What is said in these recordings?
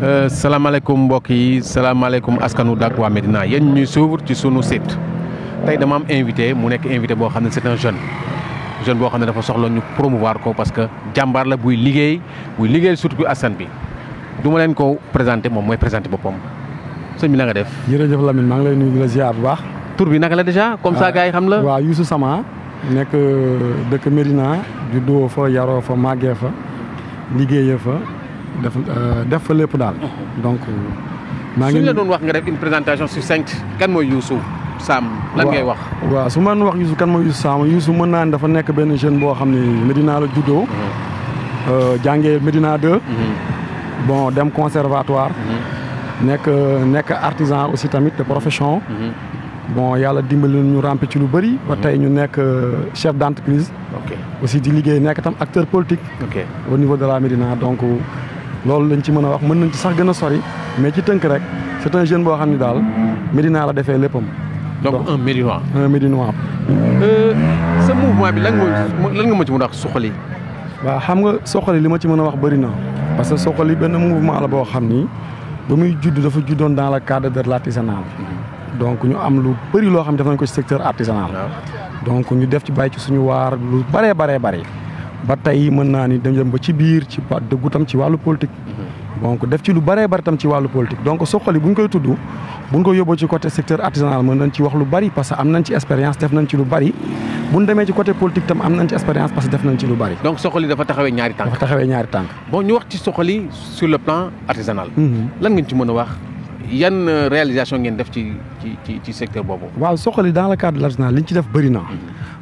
Euh, salaamaaleykum mbokk yi salaamaaleykum askanu Dak waa Médina yéen ñuy suivre ci sunu site tay dama am invité mu nek invité bo xamne c'est un jeune jeune bo xamne dafa soxla ñu promouvoir ko parce que jambar la buy liggéey buy liggéey surtout assane bi duma len ko présenter mom moy présenter bopom sëñ bi nga def. jërëjëf Lamine maa ngi lay nuyu di la ziar bu baax. tour bi naka la déjà comme ça ah, gaay xam la. Wa Youssou Sama nek euh, dëkk Medina, juddoo fa yaro fa magge fa liggéeyee fa def euh, def fa lépp uh-huh. donc euh, maa ngi. suñ la doon wax nga def une présentation succincte kan mooy Youssou Sam. lan ngay wax waaw su ma wax Youssou kan mooy Youssou Sam Youssou mën naa ne dafa nekk benn jeune boo xam Medina la juddoo. Uh-huh. Euh, jàngee Medina 2. Uh-huh. bon dem conservatoire. nekk nekk artisan aussi tamit de profession. bon yàlla dimbali ñu rampe ci lu bëri. ba tey ñu nekk chef d'entreprise, entreprise. aussi di liggéey nekk tam acteur politique. au niveau de la Medina, donc loolu lañ ci mën a wax mën nañ ci sax gën a sori mais ci tënk rek c'est un jeune boo xam ne daal Médina la defee léppam. donc un Médinois. un Médinois. Euh, sa mouvement bi lan nga lan ma ci mën a wax Suxali. waaw xam nga Suxali li ma ci mën a wax bëri na parce que Suxali benn mouvement la boo xam ni ba muy judd dafa juddoon dans le cadre de l'artisanat donc ñu am lu bëri loo xam ne def nañ ko ci secteur la donc ñu def ci bàyyi ci suñu waar lu bëree baree bëri. ba tey mën naa ni dem ba ci biir ci pa dëggu ci wàllu politique. Mhm. donc def ci lu baree bari tam ci wàllu politique donc Soxali bu ñu koy tudd bu ñu ko yóbboo ci côté secteur artisanal mën nañ ci wax lu bari parce que am nañ ci expérience def nañ ci lu bari bu ñu demee ci côté politique tam am nañ ci expérience parce que def nañ ci lu bari. donc Soxali dafa taxawee ñaari tànk. dafa taxawee ñaari tànk. ñu wax ci Soxali sur le plan artisanal. Mhm. lan ngeen ci mën a wax yan euh, réalisation ngeen def ci ci ci secteur boobu. waaw Soxali dans le cadre de li ñu ci def bëri na. Mhm.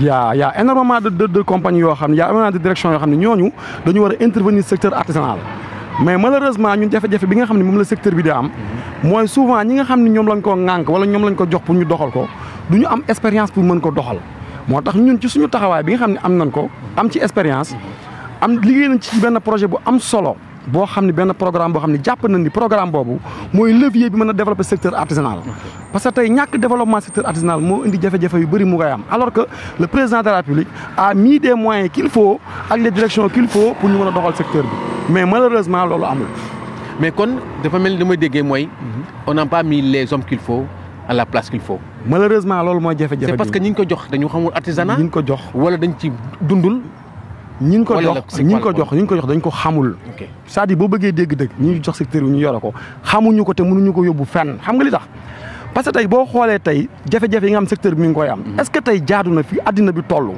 ya ya énormément de de, de compagnie yo xamni ya y énormément de direction yo xamni ne ñooñu dañu wara intervenir secteur artisanal mais malheureusement ñun jafé jafé bi nga xamni mom la secteur bi di am moy souvent ñi nga xamni ñom lañ ko ngank wala ñom lañ ko jox pour ñu doxal ko duñu am expérience pour mën ko doxal motax ñun ci suñu taxaway bi nga xamni am nañ ko am ci expérience am liggéey nañ ci ben projet bu am solo bo xamni ben programme qui xamni japp nañ ni programme bobu moy levier bi meuna développer secteur artisanal. parce que tay ñak développement secteur artisanal mo indi jafé jafé yu bari mu am alors que le président de la République a mis des moyens qu'il faut ak les directions qu'il faut pour ñu mën doxal secteur bi mais malheureusement lolu amul. mais kon dafa mel ni on n'a pas mis les hommes qu'il faut à la place qu'il faut. malheureusement lolu mooy jafé jafé c'est parce que ñing ko jox dañu xamul artisanat. ñing ko jox wala dañ ci dundul. ñi ko jox ñi ko jox ñi ko jox dañ ko xamul cest à boo bëggee dégg-dëgg ñi jox secteur bi ñu yore ko xamuñu ko te mënuñu ko yóbbu fenn xam nga li tax parce que tey boo xoolee tey jafe-jafe yi nga am secteur bi mi ngi koy am mm-hmm. est-ce que tey jaadu na fi addina bi toll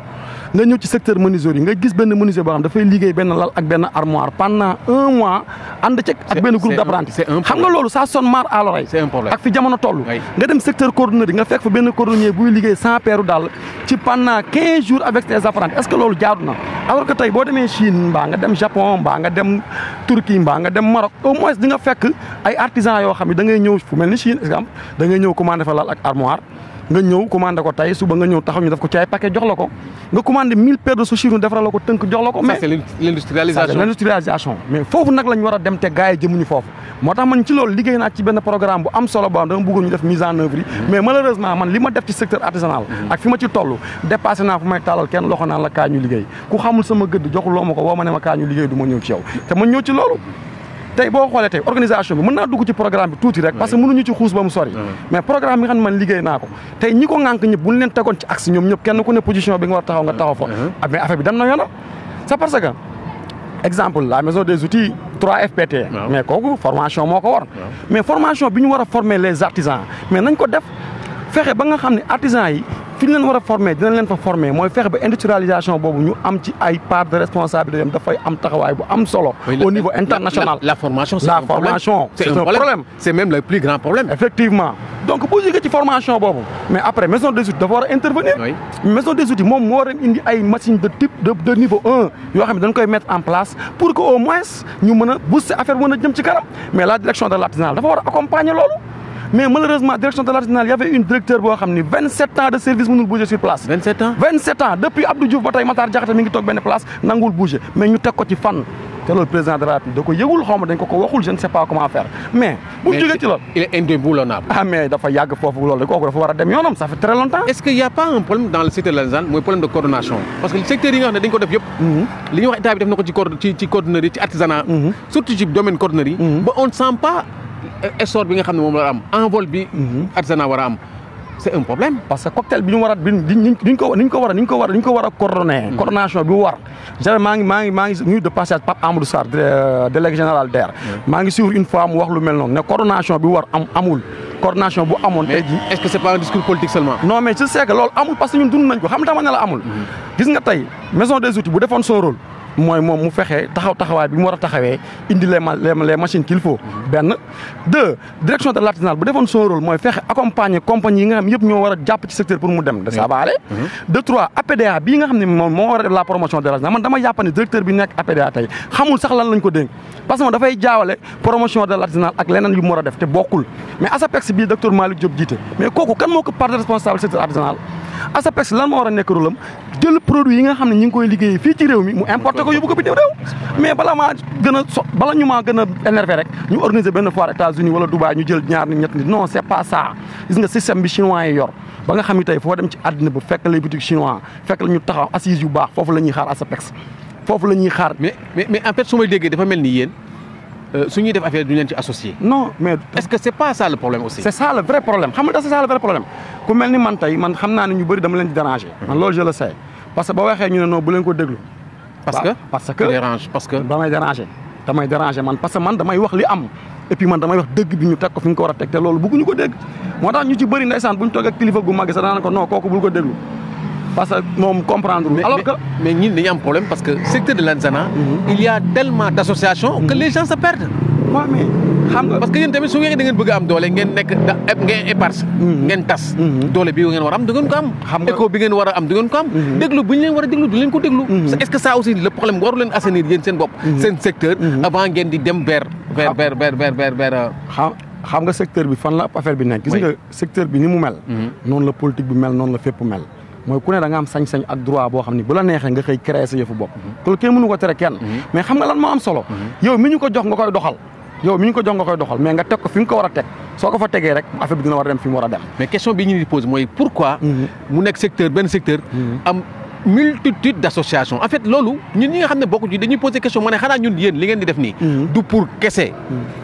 nga ñëw ci secteur menuiserie nga gis benn menuisier boo xam dafay liggéey benn lal ak benn armoire pendant un mois ànd ci ak benn groupe d'apprentis xam nga loolu ça sonne marre à l'oreille ak fi jamono toll nga dem secteur cordonnerie nga fekk fa benn cordonnier buy liggéey sans paire daal ci pendant quinze jours avec ses apprentis est-ce loolu jaadu na alors que tey boo demee Chine mbaa nga dem Japon mbaa nga dem Turquie mbaa nga dem Maroc au moins di nga fekk ay artisans yoo xam ne da ngay ñëw fu mel ni Chine exemple ngay ñëw commandé fa lal ak armoire nga ñëw commandé ko tey suba nga ñëw taxaw ñu def ko ci ay paquet jox la ko nga commandé mille paires de chaussures ñu defaral la ko tënk jox la ko. mais c'est l'industrialisation l'industrialisation mais foofu nag la ñu war a dem te gars yi jëmuñu foofu. moo tax man ci liggéey naa ci benn programme bu am solo boo xam dama bëggoon ñu def mise en œuvre yi. Mm-hmm. mais malheureusement man def ci secteur artisanal. Mm-hmm. ak fi ma ci toll dépassé naa fu may taalal kenn loxo naan la kaa liggéey ku xamul sama gëdd joxuloo ma ko woo ma ne ma tey boo xoolee tey organisation bi mën naa dugg ci programme bi tuuti rek parce que mënuñu ci xuus ba mu sori mais programme bi man liggéey naa ko tey ñi ko ŋànk ñëpp buñ leen tegoon ci axe ñoom ñëpp kenn ku ne position bi nga taxaw nga taxaw fa uh-huh. ah, mais affaire bi dem na yoonam parce que exemple la maison des outils 3FPT mais kooku formation moo ko war mais formation bi ñu war a former les artisans mais nañ ko def fexé ba nga xamné artisan artisans yi fi ñu leen war a former dinañ leen fa former mooy fexe ba industrialisation boobu ñu am ci ay part de responsabilité yam dafay am taxawaay bu am solo. au niveau international la formation c'est un problème c'est un problème c'est même le plus grand problème. effectivement donc bu jógee ci formation boobu mais après maison des outils dafa war a intervenir. maison des outils moom moo war indi ay machines de type de de niveau 1. yoo xam ne dañ koy mettre en place pour que au moins ñu mën a booster affaire mën a jëm ci kanam mais la direction de l'artisanat dafa war a accompagner loolu mais malheureusement direction de l'artisanat y avait une directeur boo xam ni 27 ans de service mënul bouger sur place. 27 ans 27 ans depuis Abdou Diouf ba tey Matar Diakhaté mi ngi toog benn place nangul bouger mais ñu teg ko ci fan. te le président de la République da ko yëgul xaw ma dañ ko ko waxul je ne sais pas comment faire mais. bu ñu ci il est indéboulonnable. ah mais dafa yàgg foofu loolu kooku dafa war a dem yoonam ça fait très longtemps. est ce qu'il y' a pas un problème dans le secteur de l'artisanat mooy problème de coordination. parce que le secteur yi nga xam ne dañ ko def yëpp. Mhm. li ñuy wax état bi def na ko ci ci ci coordonnerie ci artisanat. Mhm. surtout ci domaine coordonnerie. Mhm. ba on ne sent pas. C'est bi nga ne mhm. un problème. parce que cocktail bi ñu ko mhm. de passage Pape euh, délégué général d'air. mangi une fois mu wax lu mel coronation. coordination am coordination bu amone est-ce que c'est pas un discours politique seulement non mais je sais que loolu amul parce que ñun dund nañ ko xam dama ne la amul mhm. gis nga tay maison des outils bu defone son rôle moi moi mu frère taxaw taxawaay bi mu wara taxawé taxawee indi les les machines qu'il faut. ben deux direction de l'artisanat bu defone son rôle mooy fexe accompagner compagnie yi nga xam yëpp ñoo wara japp ci secteur pour mu dem. ça va aller. Mhm. deux trois APDA bi nga xam mo wara la promotion de l'artisanat man dama jàpp directeur bi nek APDA tay xamul sax lan lañ ko dénk. parce que da fay jawalé promotion de l'artisanat ak lénen yu mo wara def té bokul mais ASAPEX bi docteur Malick Diop jiite mais kooku kan moko ko part de responsable secteur artisanal. ASAPEX lan moo war a nekk rôlam jël produit yi nga xam ne ñi ngi koy liggéey fii ci mi mu importé ko yóbbu ko bitim réew mais bala a so ñu maa gën a énervé rek ñu organiser benn foire États-Unis wala Dubaï ñu jël ñaar ni ñett nit non c'est pas ça gis nga système bi chinois yor ba nga xam ne tey foo dem ci àddina ba fekk lay boutique chinois fekk la ñu taxaw assise yu baax foofu la ñuy xaar ASAPEX foofu la ñuy xaar mais mais en fait su may déggee dafa mel ni yéen Euh, su def affaire du len ci associer non mais est-ce que c'est pas ça le problème aussi. c'est ça le vrai problème xam nga c'est ça le vrai problème ku melni man tay man xamna ni ñu bari dama len di déranger. man mhm. loolu je le sais parce que ba waxé ñu né non bu len ko déglu. parce que parce que dérange parce que. damay déranger damay déranger man parce que man damay wax li am et puis man damay wax deug bi ñu tek ko fi ñu ko wara tek té lolu loolu bëgguñu ko dégg. motax ñu ci bari ndeysaan bu togg ak kilifa gu mag sa daan ko non kooku bul ko déglu parce que comprendre mais, alors que mais un problème parce que secteur de l'anzana mhm. il y a tellement d'associations que mhm. les gens se perdent mais parce que tamit est-ce que ça aussi le problème waru mhm. secteur avant vers vers vers vers euh, la secteur la politique bi mel moy ku ne da nga am sañ-sañ ak droit bo xamni ni bu la neexee nga xey créer sa yefu bop loolu kenn mënu ko téré kenn mhm. mais xam nga lan mo am solo mhm. yow miñu ko jox nga koy doxal yow miñu ko jox nga koy doxal mais nga tek ko fi nga ko wara tek soko fa tegee rek affaire bi dina wara dem fi mu wara dem mais question bi ñu di pose moy pourquoi mhm. mu nek secteur ben secteur am multitude d'associations en fait lolu ñun ñi nga xam bokku ci dañuy poser question mané xana ñun yeen li ngeen di def ni du pour kese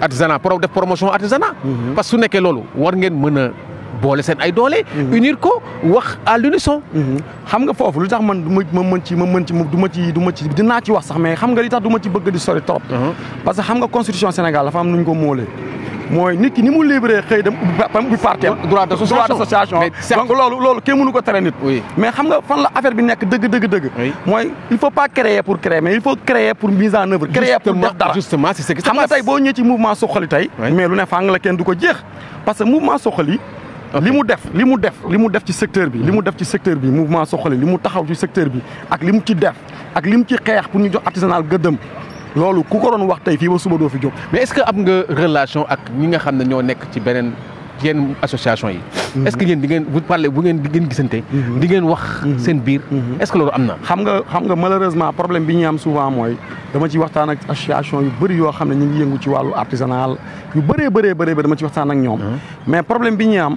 artisanat pour def promotion artisanat parce que su nekké lolu war ngeen mëna boole seen ay doole. Mhm. unir ko wax à l'unisson mhm. xam nga foofu lu tax man ma mën ci ma mën ci du ma ci du ma ci dinaa ci wax sax mais xam nga li tax du ma ci bëgg di sori trop. Mhm. parce que xam nga constitution Sénégal dafa am nu ñu ko moolee. mooy nit ki ni mu libéré xëy dem ubbi parti droit association donc loolu loolu kenn mënu ko tere nit mais xam nga fan la affaire bi nekk dëgg dëgg dëgg mooy il faut pas créer pour créer mais il faut créer pour mise en œuvre créer pour def dara xam nga tey boo ñëwee ci mouvement Suxali tey mais lu ne fàng la kenn du ko jeex parce que mouvement Suxali li mu def li mu def li mu def ci secteur bi li mu def ci secteur bi mouvement Soxali li mu taxaw ci secteur bi ak li mu ci def ak li mu ci xeex pour ñu jox artisanal gëddëm loolu ku ko doon wax tey fii ba suba doo fi jóg mais est-ce que am nga relation ak ñi nga xam ne ñoo nekk ci beneen yenn association yi mhm. est-ce que yéen ngeen vous parlez bu ngeen di ngeen mhm. di ngeen wax mhm. seen biir est loolu am na xam nga xam nga malheureusement problème bi ñu am souvent mooy dama ci waxtaan ak association yu bëri yoo xam ne ñu ngi yëngu ci wàllu artisanal yu bëree bëree bëree dama ci waxtaan ak ñoom mais problème bi ñu am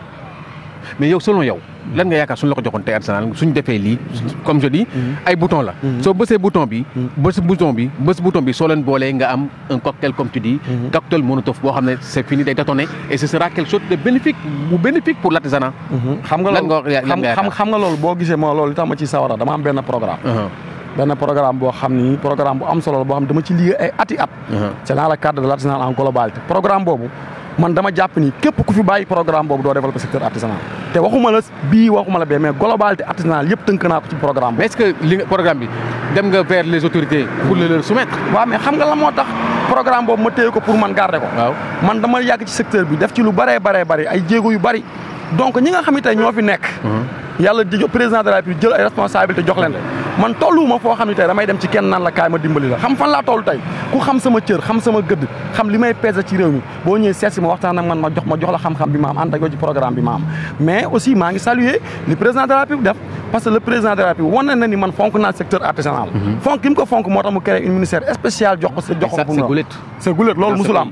mais yow selon yow lan nga la ko comme je dis bouton bouton bouton bouton un cocktail comme tu dis mm-hmm. cocktail c'est fini et ce sera quelque chose de bénéfique bénéfique pour l'artisanat mm-hmm. xam nga xam nga programme programme programme la boo le de en globalité programme man dama jàpp ni képp ku fi bàyyi programme boobu doo développer secteur artisanal te waxuma la bii waxuma la bee mais globalité artisanale yëpp tënk naa ko ci programme boobu. mais est-ce que li programme bi dem nga vers les autorités pour le leur waaw mais xam nga la moo tax programme boobu ma téye ko pour man garder ko. waaw man dama yàgg ci secteur bi def ci lu bëree bare bëri ay jéego yu bëri. donc ñi nga xam ne tey ñoo fi nekk. yalla di président de jël ay responsabilité jox leen man tolluwuma foo xam ne tey damay dem ci kenn nan la kaay ma dimbali la xam fan laa toll tey ku xam sama cër xam sama gëdd xam li may peser ci réew mi boo ñëwee seet si ma waxtaan ak man ma jox ma jox la xam-xam bi ma am ànd ak yow programme bi ma am mais aussi maa ngi saluer li président de la République def parce que le président de la République na ni man fonk naa secteur artisanal mhm. ko fonk moo tax mu créé une ministère spécial jox ko sa jox ko c'est gulet loolu musul am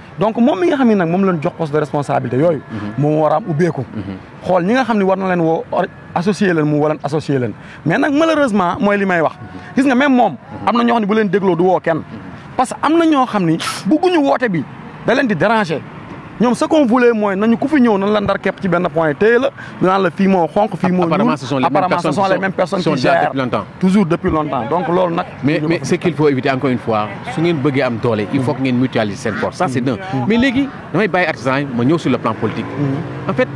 donc moom mi nga xam ne poste de responsabilité yooyu moom war a am ubbeeku mhm. xool ñi nga xam ne war na leen associé leen mu mais malheureusement mooy li may wax mhm. gis nga même mhm. bu leen parce que am na ñoo ne bugguñu bi da leen di déranger ce qu'on voulait moins, nañu ku fi ñew nañ la ndar petit ci ben point de la nous la fii moo xonq fii apparemment ce sont les mêmes personnes qui gèrent toujours depuis longtemps donc depuis longtemps. mais ce qu'il faut éviter encore une fois su ngeen bëggee am doole il faut que ngeen mutualiser sen force ça c'est d'un mm-hmm. mais légui damay bàyyi artisan ma ñew sur le plan politique mm-hmm. en fait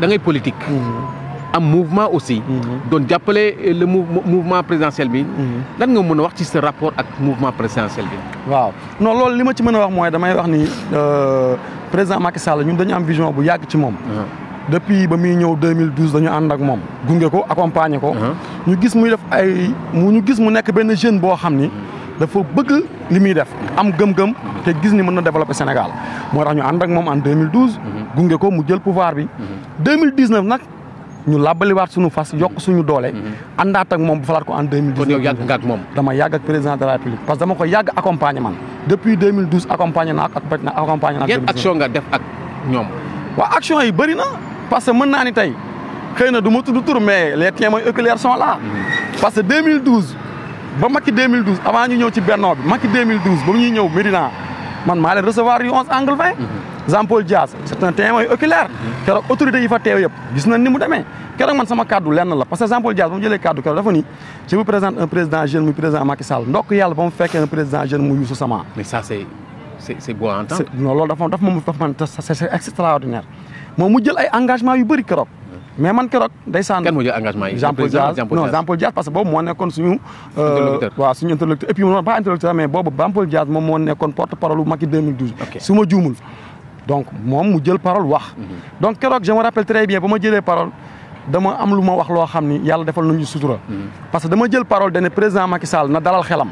dans les politiques... Mm-hmm am mouvement aussi. Mhm. donc jàppale euh, le mouvement présidentiel bi. Mhm. lan nga mën a wax ci sa rapport ak mouvement présidentiel bi. waaw non loolu li ma ci mën wax mooy wax ni euh, président Macky Sall ñun dañu am vision bu yàgg ci moom. Uh-huh. depuis ba muy ñëw 2012 dañu ànd ak moom gunge ko accompagner ko. Uh-huh. ñu gis muy def ay mu ñu gis mu nekk benn jeune boo xam uh-huh. dafa bëgg li def am gëm-gëm que gis ni mën na développer Sénégal moi tax ñu ànd ak en 2012. gunge ko mu jël pouvoir bi. 2019 ñu làbbaliwaat suñu fas yokk suñu doole. Mhm. àndaat ak moom bu falaat ko en 2012. kon yow yàgg nga ak moom. dama yàgg ak président de la république parce que dama ko yàgg accompagné man depuis 2012 accompagné naa ak accompagné naa. ak ñoom. waaw action yi bëri na parce que mën naa ni tey xëy na du ma tudd tur mais les témoins oculaires sont là. Mhm. parce que 2012 ba Macky 2012 avant ñu ñëw ci Benno bi Macky ba mu ñuy ñëw Médina man maa leen recevoir yu 11 angle 20. Zampol Diaz, c'est un témoin oculaire car mhm. autorités yi fa teew yëpp gis nañ ni mu Car on man sama kaddu lenn la parce que Zampol Diaz, Dias ba mu jëlee kaddu keroog dafa ni je vous présente un président jeune muy président Macky Sall ndokk yàlla le mu fekkee un président jeune muy Youssou Sama mais ça c'est c'est c'est beau à entendre non loolu dafa dafa moom dafa man c'est extraordinaire moom mu jël ay engagement yu bëri mais man keroog day saan kan moo jël engagement yi Jean non Jean parce que boobu moo nekkoon suñu euh, waaw suñu interlocuteur et puis pas interlocuteur mais bon, Zampol Diaz, Dias moom moo nekkoon porte parole bu Macky 2012 su ma donc moi mu parole mhm. donc je me rappelle très bien ba parole dama am wax que je defal mhm. parce que je jël parole dane président Macky Sall na dalal xelam.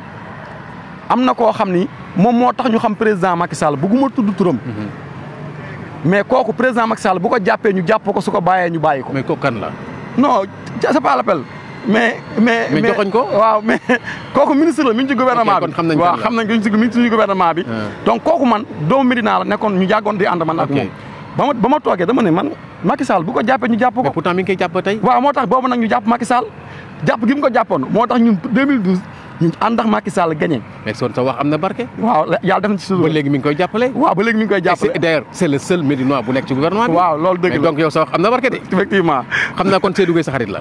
am na Je me ni que je tax ñu xam président Macky Sall bëgguma tudd turam. Mhm. mais que président Macky Sall bu ko jàppee ñu jàpp ko su ko pas ñu mais kan non pas l'appel mais mais mais joxoñ ko waaw mais kooku ministre la mi ngi ci gouvernement bi waaw xam nañ ko mi ngi ci gouvernement bi ah. donc kooku man doomu Médina la nekkoon ñu jàggoon di ànd man ak moom ba ma ba ma toogee dama ne man Macky Sall bu ko jàppee ñu jàpp ko pourtant mi ngi koy jàpp tey waaw moo tax boobu nag ñu jàpp Macky Sall jàpp gi mu ko jàppoon moo tax ñun 2012 ñu ànd ak Macky Sall gagné mais son sa wax am na barke waaw yàlla def na ci ba léegi mi ngi koy jàppale waaw ba léegi mi ngi koy jàppale d'ailleurs c'est le seul Médinois bu nekk ci gouvernement bi waaw loolu dëgg la donc yow sa wax am na barke de effectivement xam naa kon Seydou Gueye sa xarit la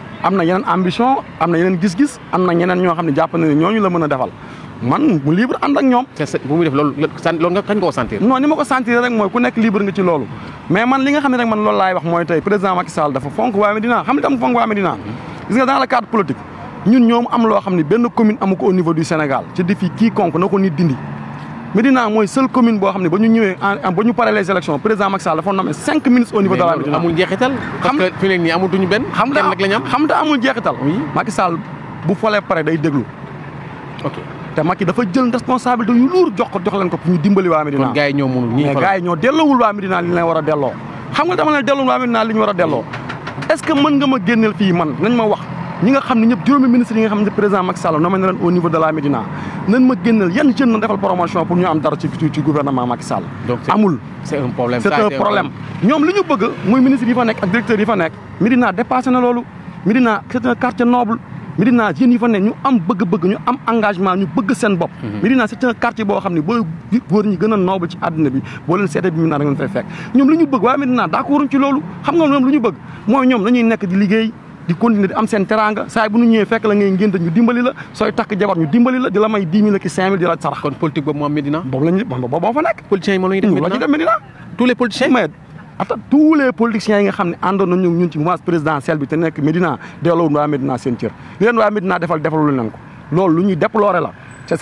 am na yeneen ambition am na yeneen gis-gis am na ñeneen ñoo xam ne jàpp na ne ñooñu la mën a defal mu libre ànd ak ñoom. bu def loolu loolu nga kañ ko sentir. non ni ma ko sentir rek mooy ku nekk libre nga ci loolu mais man li nga xam ne rek man lool laay wax mooy tey président Macky Sall dafa fonk waa Médina xam ne tam fonk waa Médina gis nga dans le cadre ñun ñoom am loo xam ne benn commune amu ko au niveau du Sénégal ci défi quiconque na ko nit dindi Medina moy seule commune bo xamné bañu ñëwé bañu ñëwee en ñu paree les élections président Macky Sall dafa nommé 5 ministres au niveau de la Medina amul jéxital parce que fi nekk amul duñu benn. kenn rek la am xam nga amul jéxital oui Macky Sall bu folé paré day déglu. ok te Macky dafa jël responsabilité yu luur jox ko jox lan ko pour ñu dimbali wa Medina kon gars yi ñoo mënu ñii mais gars yi ñoo déllawul wa Medina li lay wara déllo xam nga dama la déllu wa Medina li ñu wara déllo est-ce que mën nga ma génneel fi man nañ ma wax ñi nga xam ñëpp juróomi ministre yi nga xam président Macky Sall nommé na au niveau de la Medina nan ma génnal yan jeunes na defal promotion pour ñu am dara ci ci gouvernement Macky Sall. amul c'est un problème c'est un problème. ñu bëgg muy ministre yi fa ak directeur yi fa nekk. Médina dépassé na loolu Médina c'est un quartier noble Médina jeunes yi fa ñu am bëgg-bëgg ñu am engagement ñu bëgg seen bopp. Mhm. Médina c'est un quartier boo xam ne booy góor ñi gën a noble ci àddina bi boo leen seetee bi Médina da ngeen fay fekk ñoom li ñu bëgg waaye Médina d'accord ci loolu xam nga ñoom lu ñu bëgg mooy ñoom dañuy nekk di liggéey di continuer di am seen teraanga saa bu nu ñëwee fekk la ngay ngénte ñu dimbali la sooy takk jabar ñu dimbali la di la may dix mille ak sarax. kon politique boobu moom Medina. boobu la ñuy boobu boo la ñuy ne àndoon nañu ñun ci mouvance présidentielle bi te nekk Medina delloowul waa Medina seen cër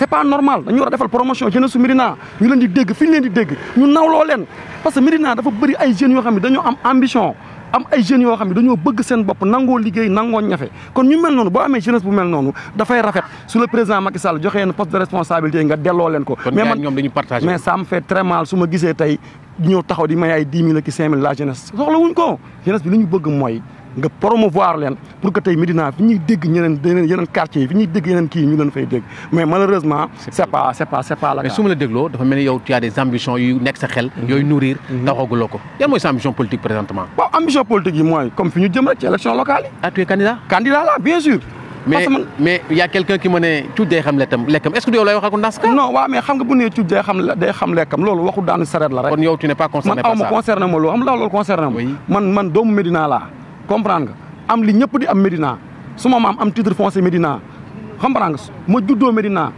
pas normal dañu war a defal promotion jeunesse su Médina ñu leen di dégg fi di dégg ñu nawloo leen parce que dafa bëri ay jeunes yoo xam ne dañoo am ambition am ay jeunes yoo xam ne dañoo bëgg seen bopp nangoo liggéey nangoo ñafe kon ñu mel noonu boo amee jeunesse bu mel noonu dafay rafet su le président Macky Sall joxee na poste de responsabilité nga delloo leen ko. mais man ñoom dañu partagé mais ça me mal su ma gisee tey ñëw taxaw di may ay dix mille ak cinq mille la jeunesse soxla wuñ ko bi li ñu bëgg mooy nga promouvoir len pour que tay medina fi ñuy dégg ñeneen yeneen quartier yi fi ñuy dégg yeneen ki ñu leen fay dégg mais malheureusement. c'est pas c'est pas c'est pas la. mais suma ma la dégloo dafa melni yow tu as des ambitions yu nek sa xel. Mhm. yoy nourrir mhm. taxaguloo ko. yan moy sa ambition politique présentement. waaw ambition politique yi moy comme fi ñu jëm rek ci élection locale yi. ah tu es candidat. candidat là bien sûr. mais mais il y' a quelqu'un qui ma ne cuuj day xam lekkam lekkam est-ce que yow lay waxal ko dans non wa mais xam nga bu nee cuuj dé xam day xam lekkam loolu waxu daanu sareet la rek. kon yow tu n'es pas concerné par ça man aw concerné ma loolu xam la loolu concerné man man doomu medina la comprendre nga am li ñëpp di am Médina su ma maam am titre foncier Médina comprendre nga ma juddoo Médina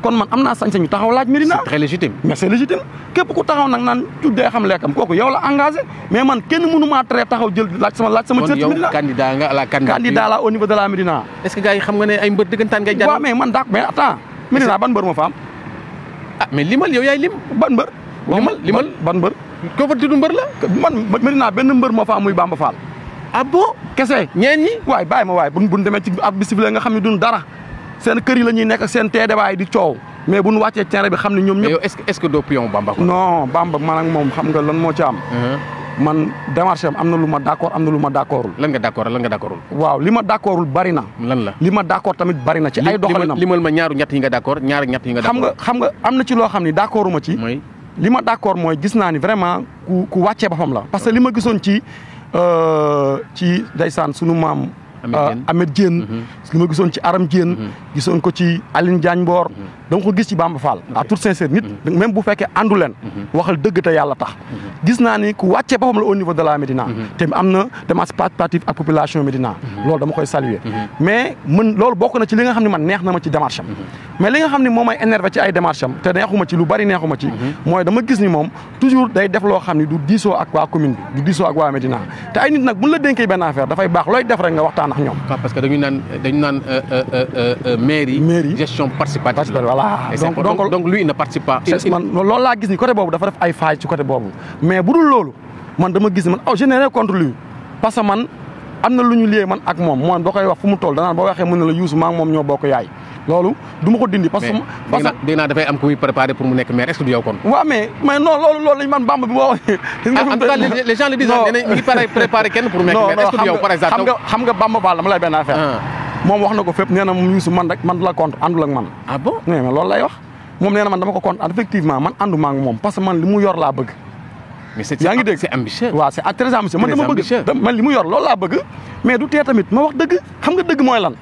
kon man am naa sañ-sañu taxaw laaj Médina. c'est très légitime. mais c'est légitime képp ku taxaw nag naan tuddee xam lekkam kooku yow la engagé mais man kenn mënu maa tere taxaw jël laaj sama laaj sama. cër ci Médina kon yow candidat nga à la candidature candidat la au niveau de la Médina. est-ce que gars yi xam nga ne ay mbër dëggantaan ngay. mais man daa mais attends. Médina ban mbër ma fa am. ah limal yow yaay lim. ban mbër. limal limal ban mbër. koo fa tudd mbër la. man Médina benn mbër moo fa am muy Bamba Fall ah bon kese ñeen ñi waay bàyyi ma waay buñ buñ demee ci ab bisimilah nga xam ne duñ dara seen kër yi la ñuy nekk ak seen teedewaay di coow mais buñ wàccee terrain bi xam ne ñoom ñëpp. est ce que doo pion Bamba non Bamba man ak moom xam nga lan moo ci am. Uh-huh. man démarche am am na lu ma d' accord am na lu ma d' accordul. lan nga d' accord lan nga d' accordul. waaw li ma d' accordul bari na. lan la li ma d' accord tamit bari na. ci ay doxalinam limal ma ñaaru ñett yi nga d' accord ñaar ñett yi nga. d' accord xam nga xam nga am na ci loo xam ne d' accorduma ci. li ma d' accord mooy gis naa ni vraiment ku ku wàccee boppam la parce que li ma gisoon ci Euh, ci ndeysaan sunu maam Amet ah, Dieng mhm. ma gisoon ci Aram Dieng mhm. gisoon ko ci Aline Diagne Mboor mhm. dama ko gis ci Bamba Fall à toute sincère nit même bu fekkee àndu leen waxal dëgg te yàlla tax gis naa ni ku wàccee boppam la au niveau de la Médina te am na démarche participative ak population Médina loolu dama koy saluer mais mën bokk na ci li nga xam ne man neex na ma ci démarche am mais li nga xam ne moom may énervé ci ay démarche te neexuma ci lu bari neexuma ci mooy dama gis ni moom toujours day def loo xam ne du diisoo ak waa commune bi du diisoo ak waa Médina te nax ñoom. parce que dañu naan dañu naan maire yi. maire gestion participative voilà donc donc lui il ne participe pas. c'est man loolu la gis ni côté bobu dafa def ay failles ci côté bobu mais bu dul loolu man dama gis man aw oh, généré contre lui parce que man amna luñu lié man ak mom moom dokay wax fumu toll da boo waxee waxe na la yuusu maa mom ño bokk yaay. loolu duma ko dindi parce que parce que dina fay am kuy préparer pour mu nek maire est-ce du yow kon wa mais mais non loolu loolu lañ man bamba bi bo ah, en tout cas les gens le disent né ngi préparer kenn pour mu nek maire est-ce du yow par exemple xam nga xam nga bamba baal dama lay ben affaire ah. mom wax nako fep fépp nee na man rek man la contre andul ak man ah bon mais loolu lay wax mom nee man dama ko contre effectivement man ànduma ak mom parce que man limu yor la bëgg mais c'est yaa ngi dégg c'est ambitieux wa c'est très ambitieux man dama bëgg man limu yor loolu la bëgg mais du té tamit ma wax deug xam nga deug moy lan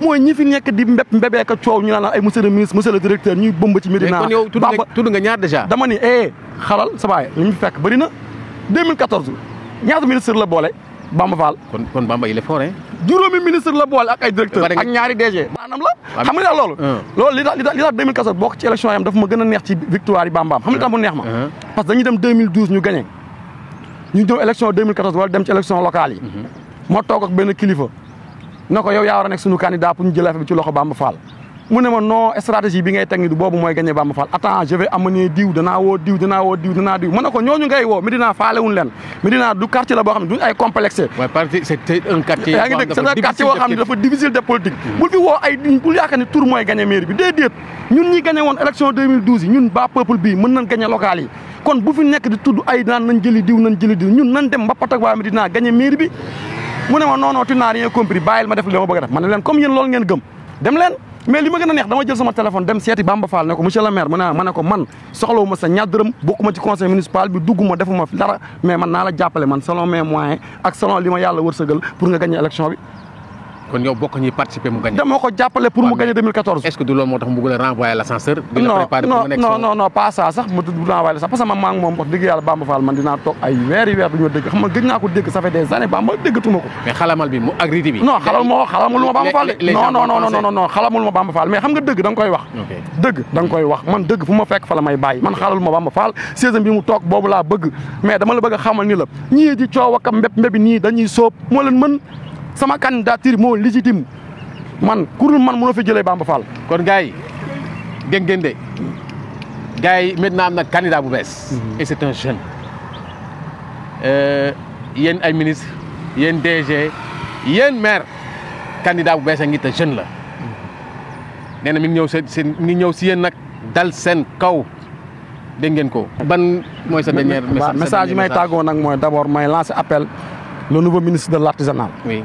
mooy ñi fi nekk di mbéb mbébee ak coow ñu naan ay monsieur le ministre monsieur le directeur ñuy bëmb ci Médina. kon yow nga ñaar déjà. dama ni eh, xalal sa baay ñu fekk bëri na ministre la boole Bamba Fall. kon kon Bamba il est fort hein. juróomi ministre la boole ak ay directeur ak ñaari DG. maanaam la xam nga daal loolu. loolu li tax li tax 2014 dafa ma gën a neex ci victoire yi Bambaam xam nga tax mu neex ma. parce que dañuy dem 2012 ñu gagné ñu ñëw élection 2014 wala dem ci moo toog ak benn kilifa. na ko yow yaa war a nekk suñu candidat pour ñu jël affaire bi ci loxo Bamba Fall mu ne ma non stratégie bi ngay teg ni du boobu mooy gagné Bamba Fall attends je vais amener diw danaa woo diw danaa woo diw danaa diw ma ne ko ñooñu ngay woo Medina faalewuñ leen du quartier la boo xam ne ay complexé waaye parti c'était un quartier yaa ngi dégg c'est de politique hmm. bul fi woo ay bul yaakaar ni tour mooy gagné mairie bi déedéet ñun ñi gagné woon élection ñun ba peuple bii mën mu ne ma non non tu n'as rien compris bàyyil ma def li ma bëgg a def ma ne leen comme yéen loolu ngeen gëm dem leen mais li ma gën a neex dama jël sama téléphone dem seeti Bamba Fall ne ko monsieur le maire mu ne ko man soxlawu ma sa ñaar dërëm bokkuma ci conseil municipal bi dugguma defuma dara mais man naa la jàppale man selon mes moyens ak selon li ma yàlla wërsëgal pour nga gagné élection bi kon yow bokk ñuy participer mu gagné. dama ko jàppale pour mu gagné 2014. est ce moo tax mu bëgg a renvoyer la préparer pour mu nekk non non non pas ça la sax parce que man maa ngi ay weer yi weer du ñu ma Bamba xam man dëgg fu ma fekk fa la man xalal ma Bamba Fall saison bi mu toog boobu bëgg mais dama la bëgg xamal ni la ñii di coow ak mbéb mbébi nii dañuy sóob moo mën sama candidature mo légitime man kurul man mo fi jëlé Bamba Fall. kon gars yi dégg ngeen de maintenant am candidat bu bees. Mhm. et c'est un jeune. Euh, yeen ay ministre yeen DG yeen maire candidat bu bees ngi te jeune la néna mi ñëw seen mi ñëw dal sen kaw dégg ngeen ko. ban moy sa dernier message. message bi may tagon nak moy d'abord may lancer appel le nouveau ministre de l'artisanat oui.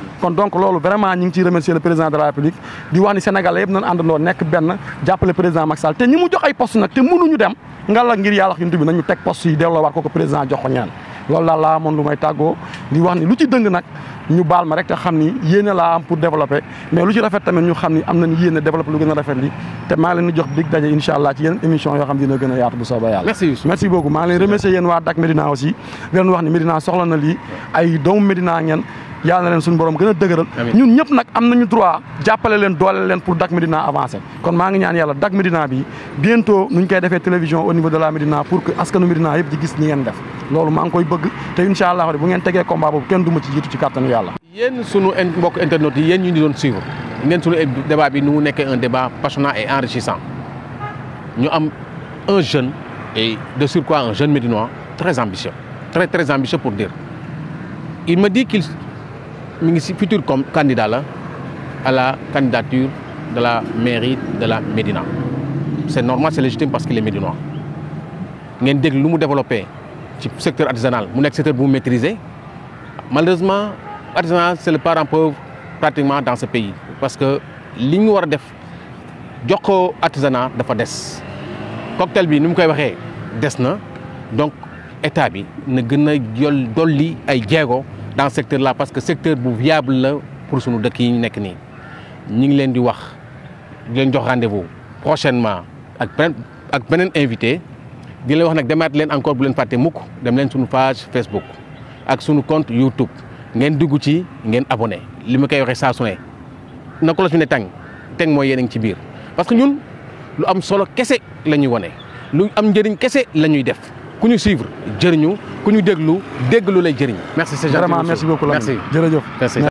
kon donc loolu vraiment ñu ngi ci remercier le président de la république di wax ni sénégalais yëpp nañ àndandoo nekk benn jàppale président Macky Sall te ñi mu jox ay poste nag te mënuñu dem nga la ngir yàlla baal ma rek te xam ni yéene laa am pour développer mais lu ci rafet tamit ñu xam ni am nañ yéene développer lu gën a rafet li te maa leen di jox dig daje incha allah ci yeneen émission yoo xam dina gën a yaatu bu soobee yàlla merci beaucoup maa leen yàlla na leen borom gëna dëgëral ñun ñëpp nak am nañu droit jàppale leen doole leen pour Dak medina avancer kon maa ngi ñaan yàlla Dak medina bi bientôt nuñ koy defee télévision au niveau de la medina pour que askanu medina yëpp di gis ni ngeen def loolu maa ngi koy bëgg te incha allah bu ngeen tegee combat boobu kenn duma ci jiitu ci kàttanu yàlla yéen sunu mbokk internet yi yéen ñu di doon suivre ngeen suñu débat bi nu mu nekkee un débat passionnant et enrichissant ñu am un jeune et de surcroît un jeune médinois très ambitieux très très ambitieux pour dire il me dit qu'il je suis futur candidat à la candidature de la mairie de la Médina c'est normal c'est légitime parce qu'il est médinois ngeen dégg lu mu développé le secteur artisanal mu nekk secteur mu maîtriser malheureusement l'artisanal, c'est le parent pauvre pratiquement dans ce pays parce que nous ñu war a def jox ko artisanat dafa des cocktail bi ni koy waxee des donc l'État bi na gën a dans ce secteur là parce que secteur bu viable pour sunu dëkk yi ñu nekk nii ñu ngi leen di wax di leen jox rendez-vous prochainement ak ak beneen invité di leen wax nag demaat leen encore bu leen fàtte mukk dem leen sunu page Facebook ak sunu compte YouTube ngeen dugg ci ngeen abonné li ma koy waxee saa su ne na ko la su ne tàng mooy yéen ngi ci biir parce que ñun lu am solo kese la ñuy wane lu am njëriñ kese la ñuy def kuñu suivre jëriñu ku ñu déglu lay jeriñ merci c'est gentil vraiment merci beaucoup jeriñu Merci.